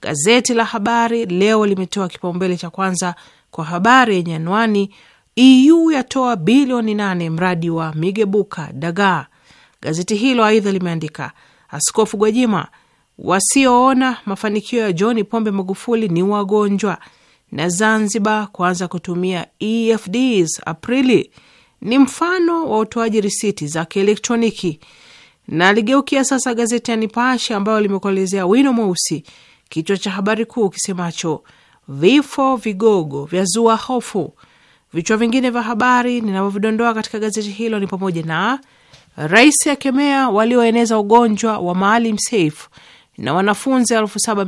Gazeti la Habari Leo limetoa kipaumbele cha kwanza kwa habari yenye anwani EU yatoa bilioni nane mradi wa Migebuka Dagaa. Gazeti hilo aidha limeandika Askofu Gwajima, wasioona mafanikio ya John Pombe Magufuli ni wagonjwa, na Zanzibar kuanza kutumia EFDs Aprili ni mfano wa utoaji risiti za kielektroniki na aligeukia sasa gazeti ya Nipashe ambayo limekuelezea wino mweusi, kichwa cha habari kuu kisemacho vifo vigogo vya zua hofu. Vichwa vingine vya habari ninavyovidondoa katika gazeti hilo ni pamoja na rais akemea walioeneza ugonjwa wa Maalim Seif na wanafunzi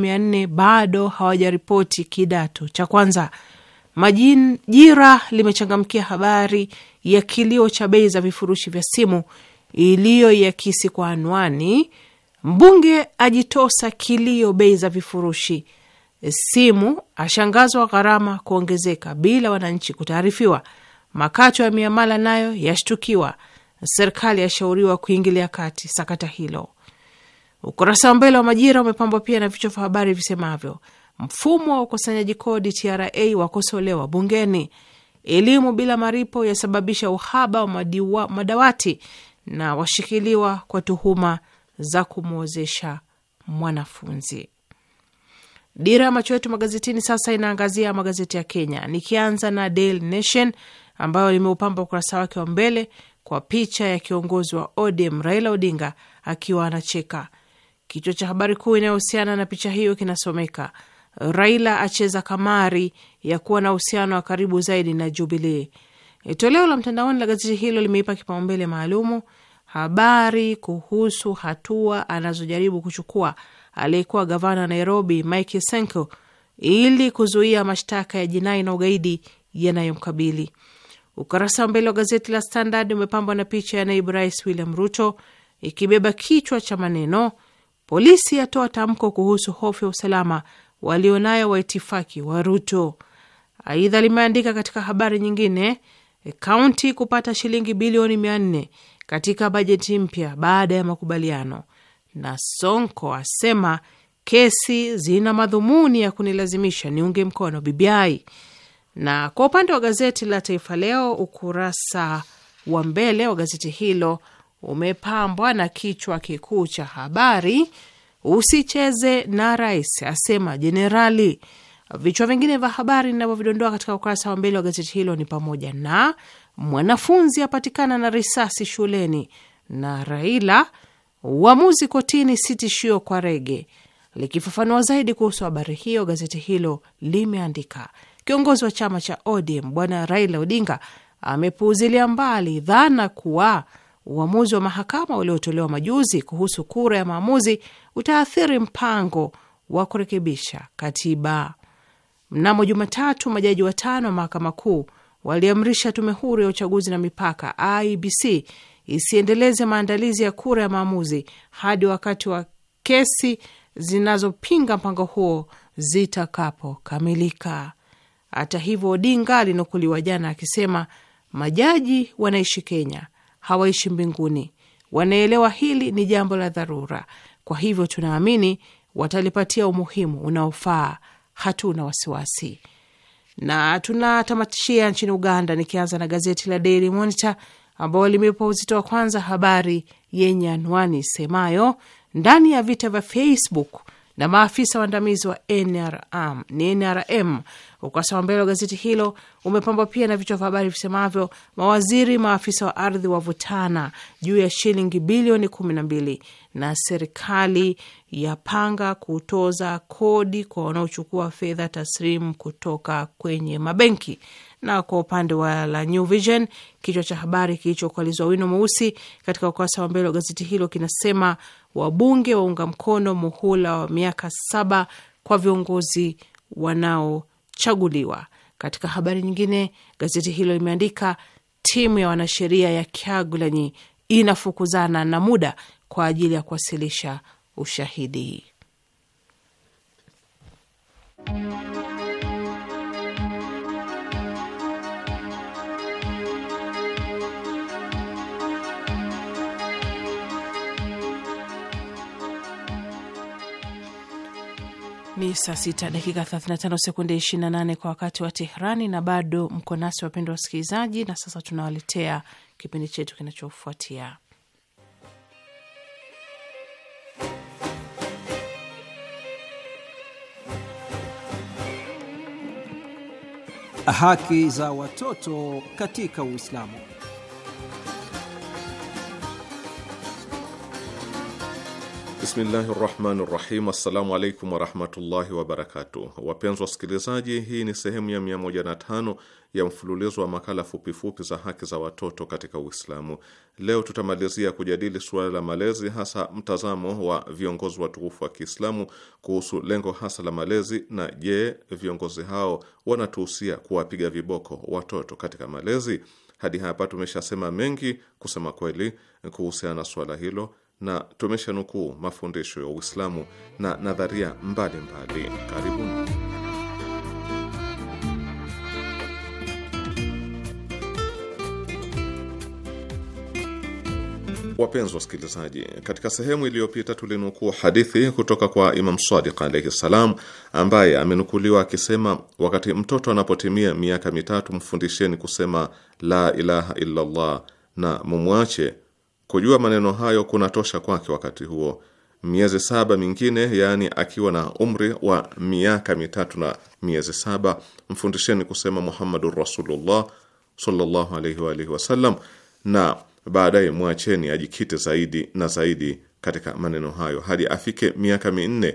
nne bado hawajaripoti kidato cha kwanza. Majira limechangamkia habari ya kilio cha bei za vifurushi vya simu iliyoiakisi kwa anwani mbunge ajitosa kilio bei za vifurushi simu, ashangazwa gharama kuongezeka bila wananchi kutaarifiwa. Makato ya miamala nayo yashtukiwa, serikali yashauriwa kuingilia kati sakata hilo. Ukurasa wa mbele wa Majira umepambwa pia na vichwa vya habari visemavyo: mfumo wa ukusanyaji kodi TRA wakosolewa bungeni, elimu bila maripo yasababisha uhaba wa madawati na washikiliwa kwa tuhuma za kumwozesha mwanafunzi. Dira ya macho yetu magazetini sasa inaangazia magazeti ya Kenya, nikianza na Daily Nation ambayo limeupamba ukurasa wake wa mbele kwa picha ya kiongozi wa ODM Raila Odinga akiwa anacheka. Kichwa cha habari kuu inayohusiana na picha hiyo kinasomeka Raila acheza kamari ya kuwa na uhusiano wa karibu zaidi na Jubilee. E, toleo la mtandaoni la gazeti hilo limeipa kipaumbele maalumu habari kuhusu hatua anazojaribu kuchukua aliyekuwa gavana Nairobi Mike Sonko ili kuzuia mashtaka ya jinai na ugaidi yanayomkabili. Ukurasa wa mbele wa gazeti la Standard umepambwa na picha ya naibu rais William Ruto ikibeba kichwa cha maneno, polisi yatoa tamko kuhusu hofu ya usalama walionayo waitifaki wa Ruto. Aidha limeandika katika habari nyingine E, kaunti kupata shilingi bilioni mia nne katika bajeti mpya baada ya makubaliano. Na Sonko asema kesi zina madhumuni ya kunilazimisha niunge mkono BBI. Na kwa upande wa gazeti la Taifa Leo, ukurasa wa mbele wa gazeti hilo umepambwa na kichwa kikuu cha habari, usicheze na rais, asema jenerali Vichwa vingine vya habari ninavyovidondoa katika ukurasa wa mbele wa gazeti hilo ni pamoja na mwanafunzi apatikana na risasi shuleni, na Raila uamuzi kotini si tishio kwa Rege. Likifafanua zaidi kuhusu habari hiyo, gazeti hilo limeandika kiongozi wa chama cha ODM Bwana Raila Odinga amepuuzilia mbali dhana kuwa uamuzi wa mahakama uliotolewa majuzi kuhusu kura ya maamuzi utaathiri mpango wa kurekebisha katiba. Mnamo Jumatatu, majaji watano wa mahakama kuu waliamrisha tume huru ya uchaguzi na mipaka IBC isiendeleze maandalizi ya kura ya maamuzi hadi wakati wa kesi zinazopinga mpango huo zitakapokamilika. Hata hivyo, Odinga alinukuliwa jana akisema majaji wanaishi Kenya, hawaishi mbinguni, wanaelewa hili ni jambo la dharura, kwa hivyo tunaamini watalipatia umuhimu unaofaa hatuna wasiwasi. Na tunatamatishia nchini Uganda, nikianza na gazeti la Daily Monitor ambao limepa uzito wa kwanza habari yenye anwani semayo ndani ya vita vya Facebook na maafisa waandamizi wa NRM ni NRM. Ukurasa wa mbele wa gazeti hilo umepambwa pia na vichwa vya habari visemavyo: mawaziri maafisa wa ardhi wavutana juu ya shilingi bilioni kumi na mbili, na serikali yapanga kutoza kodi kwa wanaochukua fedha taslimu kutoka kwenye mabenki na kwa upande wa la New Vision, kichwa cha habari kilichokalizwa wino mweusi katika ukurasa wa mbele wa gazeti hilo kinasema wabunge waunga mkono muhula wa miaka saba kwa viongozi wanaochaguliwa. Katika habari nyingine, gazeti hilo limeandika timu ya wanasheria ya Kyagulanyi inafukuzana na muda kwa ajili ya kuwasilisha ushahidi. Ni saa sita dakika 35 sekunde 28 kwa wakati wa Tehrani, na bado mko nasi wapendwa wasikilizaji, na sasa tunawaletea kipindi chetu kinachofuatia haki za watoto katika Uislamu. Bismillahi rahmani rahim. Assalamu alaikum warahmatullahi wabarakatuh. Wapenzi wasikilizaji, hii ni sehemu ya 105 ya mfululizo wa makala fupifupi za haki za watoto katika Uislamu. Leo tutamalizia kujadili suala la malezi, hasa mtazamo wa viongozi watukufu wa Kiislamu kuhusu lengo hasa la malezi, na je, viongozi hao wanatuhusia kuwapiga viboko watoto katika malezi? Hadi hapa tumeshasema mengi kusema kweli kuhusiana na suala hilo na tumeshanukuu mafundisho ya Uislamu na nadharia mbalimbali. Karibuni. Wapenzi wasikilizaji, katika sehemu iliyopita tulinukuu hadithi kutoka kwa Imam Sadiq alaihi ssalam, ambaye amenukuliwa akisema, wakati mtoto anapotimia miaka mitatu, mfundisheni kusema la ilaha illallah na mumwache Kujua maneno hayo kunatosha kwake wakati huo. Miezi saba mingine, yaani akiwa na umri wa miaka mitatu na miezi saba, mfundisheni kusema Muhammadur Rasulullah sallallahu alaihi wa alihi wasallam, na baadaye mwacheni ajikite zaidi na zaidi katika maneno hayo hadi afike miaka minne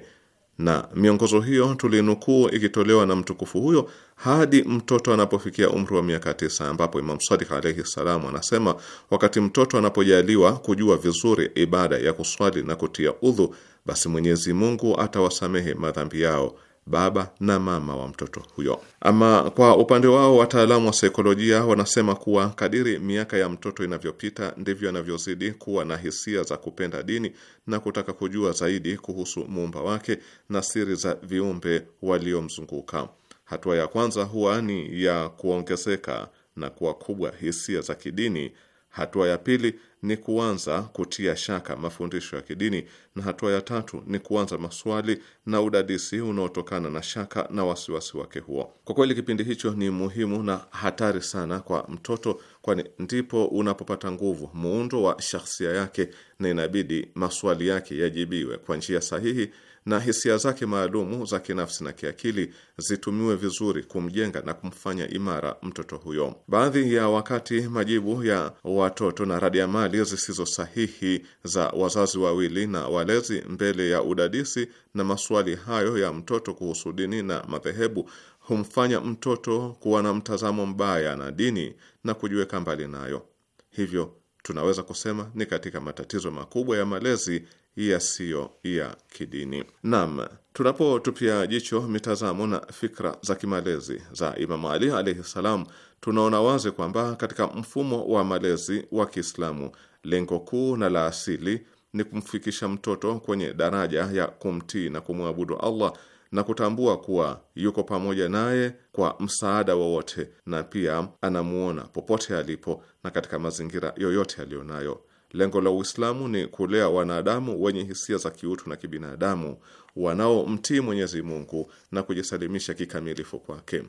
na miongozo hiyo tulinukuu ikitolewa na mtukufu huyo hadi mtoto anapofikia umri wa miaka tisa, ambapo Imam Sadiq alaihi ssalam anasema wakati mtoto anapojaliwa kujua vizuri ibada ya kuswali na kutia udhu, basi Mwenyezi Mungu atawasamehe madhambi yao baba na mama wa mtoto huyo. Ama kwa upande wao, wataalamu wa saikolojia wanasema kuwa kadiri miaka ya mtoto inavyopita ndivyo anavyozidi kuwa na hisia za kupenda dini na kutaka kujua zaidi kuhusu muumba wake na siri za viumbe waliomzunguka. Hatua ya kwanza huwa ni ya kuongezeka na kuwa kubwa hisia za kidini Hatua ya pili ni kuanza kutia shaka mafundisho ya kidini, na hatua ya tatu ni kuanza maswali na udadisi unaotokana na shaka na wasiwasi wake huo. Kwa kweli, kipindi hicho ni muhimu na hatari sana kwa mtoto, kwani ndipo unapopata nguvu muundo wa shahsia yake, na inabidi maswali yake yajibiwe kwa njia sahihi na hisia zake maalumu za kinafsi na kiakili zitumiwe vizuri kumjenga na kumfanya imara mtoto huyo. Baadhi ya wakati majibu ya watoto na radiamali zisizo sahihi za wazazi wawili na walezi mbele ya udadisi na maswali hayo ya mtoto kuhusu dini na madhehebu humfanya mtoto kuwa na mtazamo mbaya na dini na kujiweka mbali nayo. Hivyo tunaweza kusema ni katika matatizo makubwa ya malezi yasiyo ya kidini. Naam, tunapotupia jicho mitazamo na fikra za kimalezi za Imamu Ali alaihi salam, tunaona wazi kwamba katika mfumo wa malezi wa Kiislamu lengo kuu na la asili ni kumfikisha mtoto kwenye daraja ya kumtii na kumwabudu Allah na kutambua kuwa yuko pamoja naye kwa msaada wowote, na pia anamuona popote alipo na katika mazingira yoyote aliyonayo. Lengo la Uislamu ni kulea wanadamu wenye hisia za kiutu na kibinadamu wanaomtii Mwenyezi Mungu na kujisalimisha kikamilifu kwake.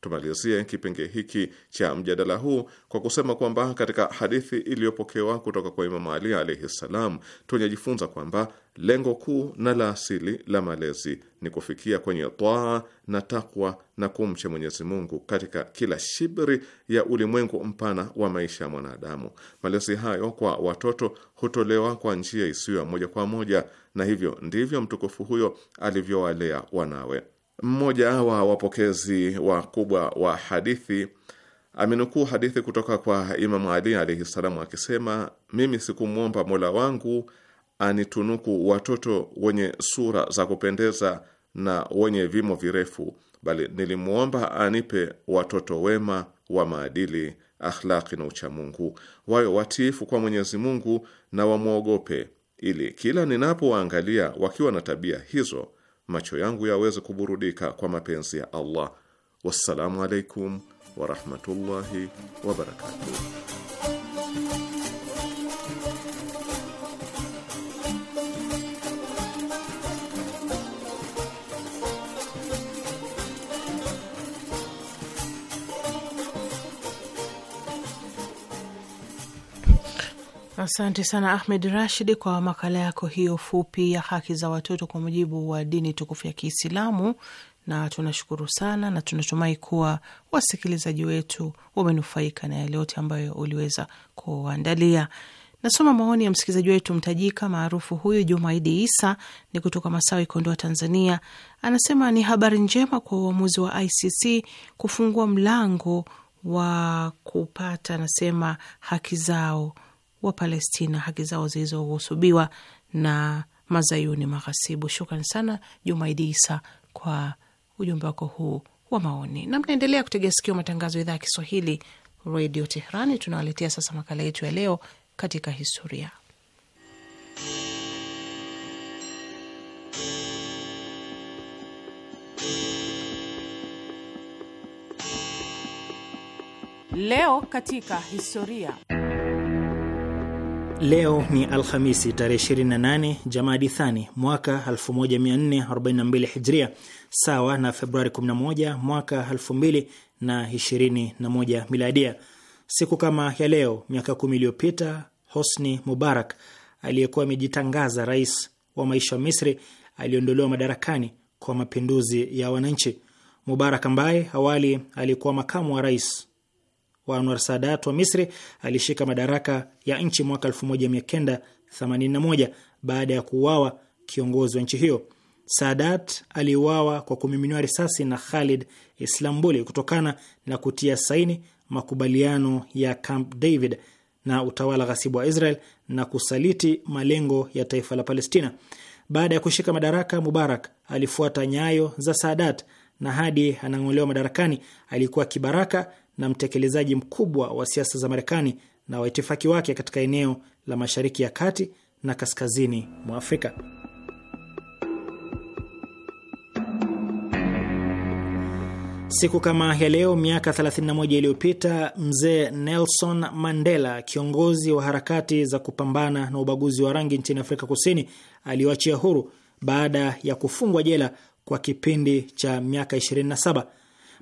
Tumalizie kipenge hiki cha mjadala huu kwa kusema kwamba katika hadithi iliyopokewa kutoka kwa Imamu Ali alaihi ssalam, tunajifunza kwamba lengo kuu na la asili la malezi ni kufikia kwenye twaa na takwa na kumcha Mwenyezi Mungu katika kila shibri ya ulimwengu mpana wa maisha ya mwanadamu. Malezi hayo kwa watoto hutolewa kwa njia isiyo ya moja kwa moja, na hivyo ndivyo mtukufu huyo alivyowalea wanawe. Mmoja wa wapokezi wakubwa wa hadithi amenukuu hadithi kutoka kwa Imamu Ali alaihi ssalamu akisema, mimi sikumwomba mola wangu anitunuku watoto wenye sura za kupendeza na wenye vimo virefu, bali nilimwomba anipe watoto wema wa maadili, akhlaqi na uchamungu, wawe watiifu kwa Mwenyezi Mungu na wamwogope, ili kila ninapowaangalia wakiwa na tabia hizo macho yangu yaweze kuburudika kwa mapenzi ya Allah. Wassalamu alaikum warahmatullahi wabarakatuh. Asante sana Ahmed Rashid kwa makala yako hiyo fupi ya haki za watoto kwa mujibu wa dini tukufu ya Kiislamu, na tunashukuru sana na tunatumai kuwa wasikilizaji wetu wamenufaika na yale yote ambayo uliweza kuandalia. Nasoma maoni ya msikilizaji wetu mtajika maarufu huyu Jumaidi Isa ni kutoka Masawi, Kondoa, Tanzania. Anasema ni habari njema kwa uamuzi wa ICC kufungua mlango wa kupata anasema haki zao wa Palestina haki zao zilizohusubiwa na mazayuni maghasibu. Shukran sana Jumaidi Isa kwa ujumbe wako huu wa maoni, na mnaendelea kutegea sikio matangazo ya idhaa ya Kiswahili redio Teherani. Tunawaletea sasa makala yetu ya leo, katika historia. Leo katika historia Leo ni Alhamisi tarehe 28 Jamadi Thani mwaka 1442 Hijria, sawa na Februari 11 mwaka 2021 Miladia. Siku kama ya leo miaka kumi iliyopita, Hosni Mubarak aliyekuwa amejitangaza rais wa maisha wa Misri aliondolewa madarakani kwa mapinduzi ya wananchi. Mubarak ambaye awali alikuwa makamu wa rais wa Anwar Sadat wa Misri alishika madaraka ya nchi mwaka 1981 baada ya kuuawa kiongozi wa nchi hiyo. Sadat aliuawa kwa kumiminiwa risasi na Khalid Islambuli kutokana na kutia saini makubaliano ya Camp David na utawala ghasibu wa Israel na kusaliti malengo ya taifa la Palestina. Baada ya kushika madaraka, Mubarak alifuata nyayo za Sadat na hadi anang'olewa madarakani alikuwa kibaraka na mtekelezaji mkubwa wa siasa za Marekani na waitifaki wake katika eneo la Mashariki ya Kati na kaskazini mwa Afrika. Siku kama ya leo miaka 31 iliyopita mzee Nelson Mandela, kiongozi wa harakati za kupambana na ubaguzi wa rangi nchini Afrika Kusini, aliyoachia huru baada ya kufungwa jela kwa kipindi cha miaka 27.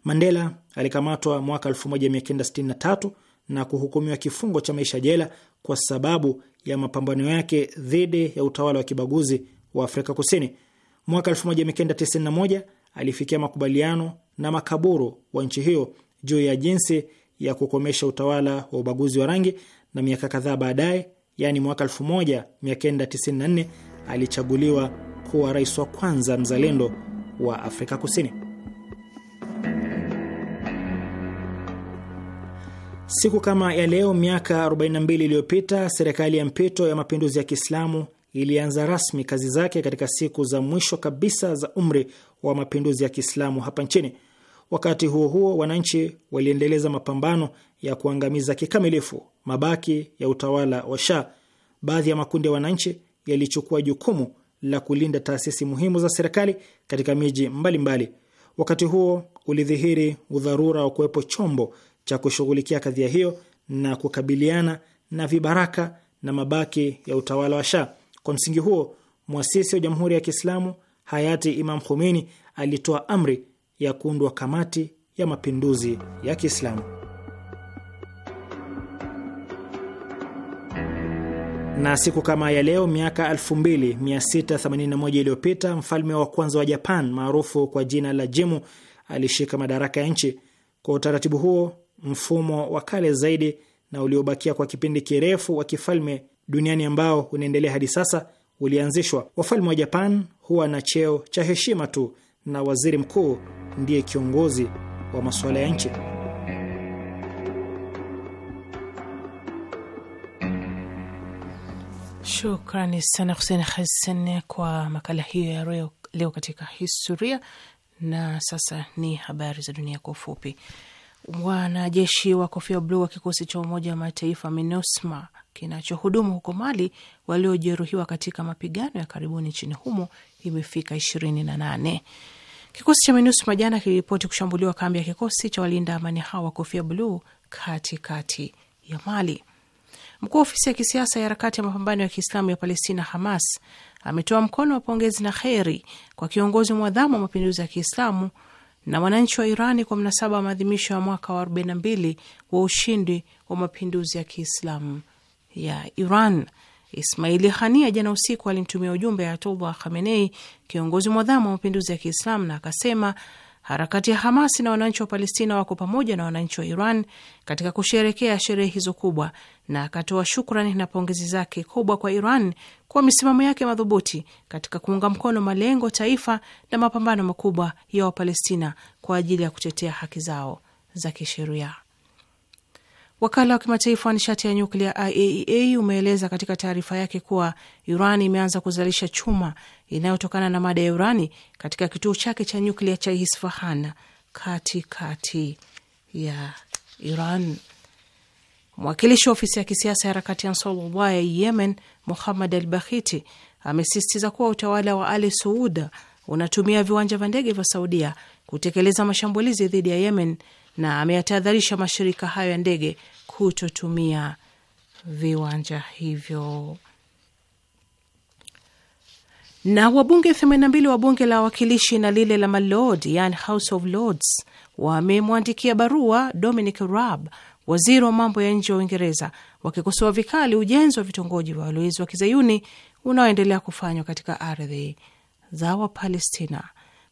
Mandela alikamatwa mwaka 1963 na kuhukumiwa kifungo cha maisha jela kwa sababu ya mapambano yake dhidi ya utawala wa kibaguzi wa Afrika Kusini. Mwaka 1991 alifikia makubaliano na makaburu wa nchi hiyo juu ya jinsi ya kukomesha utawala wa ubaguzi wa rangi, na miaka kadhaa baadaye, yaani mwaka 1994, alichaguliwa kuwa rais wa kwanza mzalendo wa Afrika Kusini. Siku kama ya leo miaka 42 iliyopita serikali ya mpito ya mapinduzi ya Kiislamu ilianza rasmi kazi zake katika siku za mwisho kabisa za umri wa mapinduzi ya Kiislamu hapa nchini. Wakati huo huo, wananchi waliendeleza mapambano ya kuangamiza kikamilifu mabaki ya utawala wa Shah. Baadhi ya makundi ya wananchi yalichukua jukumu la kulinda taasisi muhimu za serikali katika miji mbalimbali mbali. Wakati huo ulidhihiri udharura wa kuwepo chombo cha kushughulikia kadhia hiyo na kukabiliana na vibaraka na mabaki ya utawala wa sha Kwa msingi huo, mwasisi wa Jamhuri ya Kiislamu hayati Imam Khomeini alitoa amri ya kuundwa kamati ya mapinduzi ya Kiislamu. Na siku kama ya leo miaka 2681 iliyopita mfalme wa kwanza wa Japan maarufu kwa jina la jimu alishika madaraka ya nchi. Kwa utaratibu huo mfumo wa kale zaidi na uliobakia kwa kipindi kirefu wa kifalme duniani ambao unaendelea hadi sasa ulianzishwa. Wafalme wa Japan huwa na cheo cha heshima tu na waziri mkuu ndiye kiongozi wa masuala ya nchi. Shukrani sana husen hasen kwa makala hiyo ya leo katika historia. Na sasa ni habari za dunia kwa ufupi. Wanajeshi wa kofia bluu wa kikosi cha Umoja wa Mataifa MINUSMA kinachohudumu huko Mali waliojeruhiwa katika mapigano ya karibuni nchini humo imefika ishirini na nane. Kikosi cha MINUSMA jana kiliripoti kushambuliwa kambi ya kikosi cha walinda amani hao wa kofia bluu katikati ya Mali. Mkuu wa ofisi ya kisiasa ya harakati ya mapambano ya Kiislamu ya Palestina, Hamas, ametoa mkono wa pongezi na kheri kwa kiongozi mwadhamu wa mapinduzi ya Kiislamu na wananchi wa Irani kwa mnasaba wa maadhimisho ya mwaka wa 42 wa ushindi wa mapinduzi ya Kiislamu ya Iran. Ismaili Hania jana usiku alimtumia ujumbe Ayatollah Khamenei, kiongozi mwadhamu wa mapinduzi ya Kiislamu, na akasema Harakati ya Hamas na wananchi wa Palestina wako pamoja na wananchi wa Iran katika kusherekea sherehe hizo kubwa, na akatoa shukrani na pongezi zake kubwa kwa Iran kwa misimamo yake madhubuti katika kuunga mkono malengo taifa na mapambano makubwa ya Wapalestina kwa ajili ya kutetea haki zao za kisheria. Wakala wa kimataifa wa nishati ya nyuklia IAEA e umeeleza katika taarifa yake kuwa Iran imeanza kuzalisha chuma inayotokana na mada ya urani katika kituo chake cha nyuklia cha Isfahan katikati ya Iran. Mwakilishi wa ofisi ya kisiasa ya harakati ya Ansarullah ya Yemen, Muhammad al Bahiti, amesisitiza kuwa utawala wa Ali Suuda unatumia viwanja vya ndege vya Saudia kutekeleza mashambulizi dhidi ya Yemen na ameyatahadharisha mashirika hayo ya ndege kutotumia viwanja hivyo. Na wabunge 82 wa bunge la wawakilishi na lile la malord, yani House of Lords, wamemwandikia barua Dominic Raab, waziri wa mambo ya nje wa Uingereza, wakikosoa vikali ujenzi wa vitongoji vya walowezi wa kizayuni unaoendelea kufanywa katika ardhi za Wapalestina.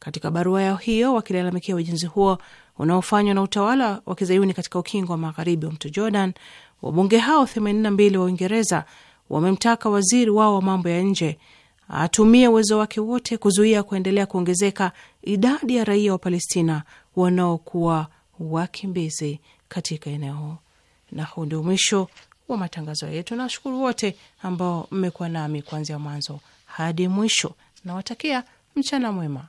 Katika barua yao hiyo wakilalamikia ujenzi huo unaofanywa na utawala wa kizayuni katika ukingo wa magharibi wa mto Jordan, wabunge hao 82 wa Uingereza wamemtaka waziri wao wa mambo ya nje atumie uwezo wake wote kuzuia kuendelea kuongezeka idadi ya raia wa Palestina wanaokuwa wakimbizi katika eneo. Na huu ndio mwisho wa matangazo yetu. Nashukuru wote ambao mmekuwa nami kuanzia mwanzo hadi mwisho. Nawatakia mchana mwema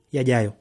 yajayo.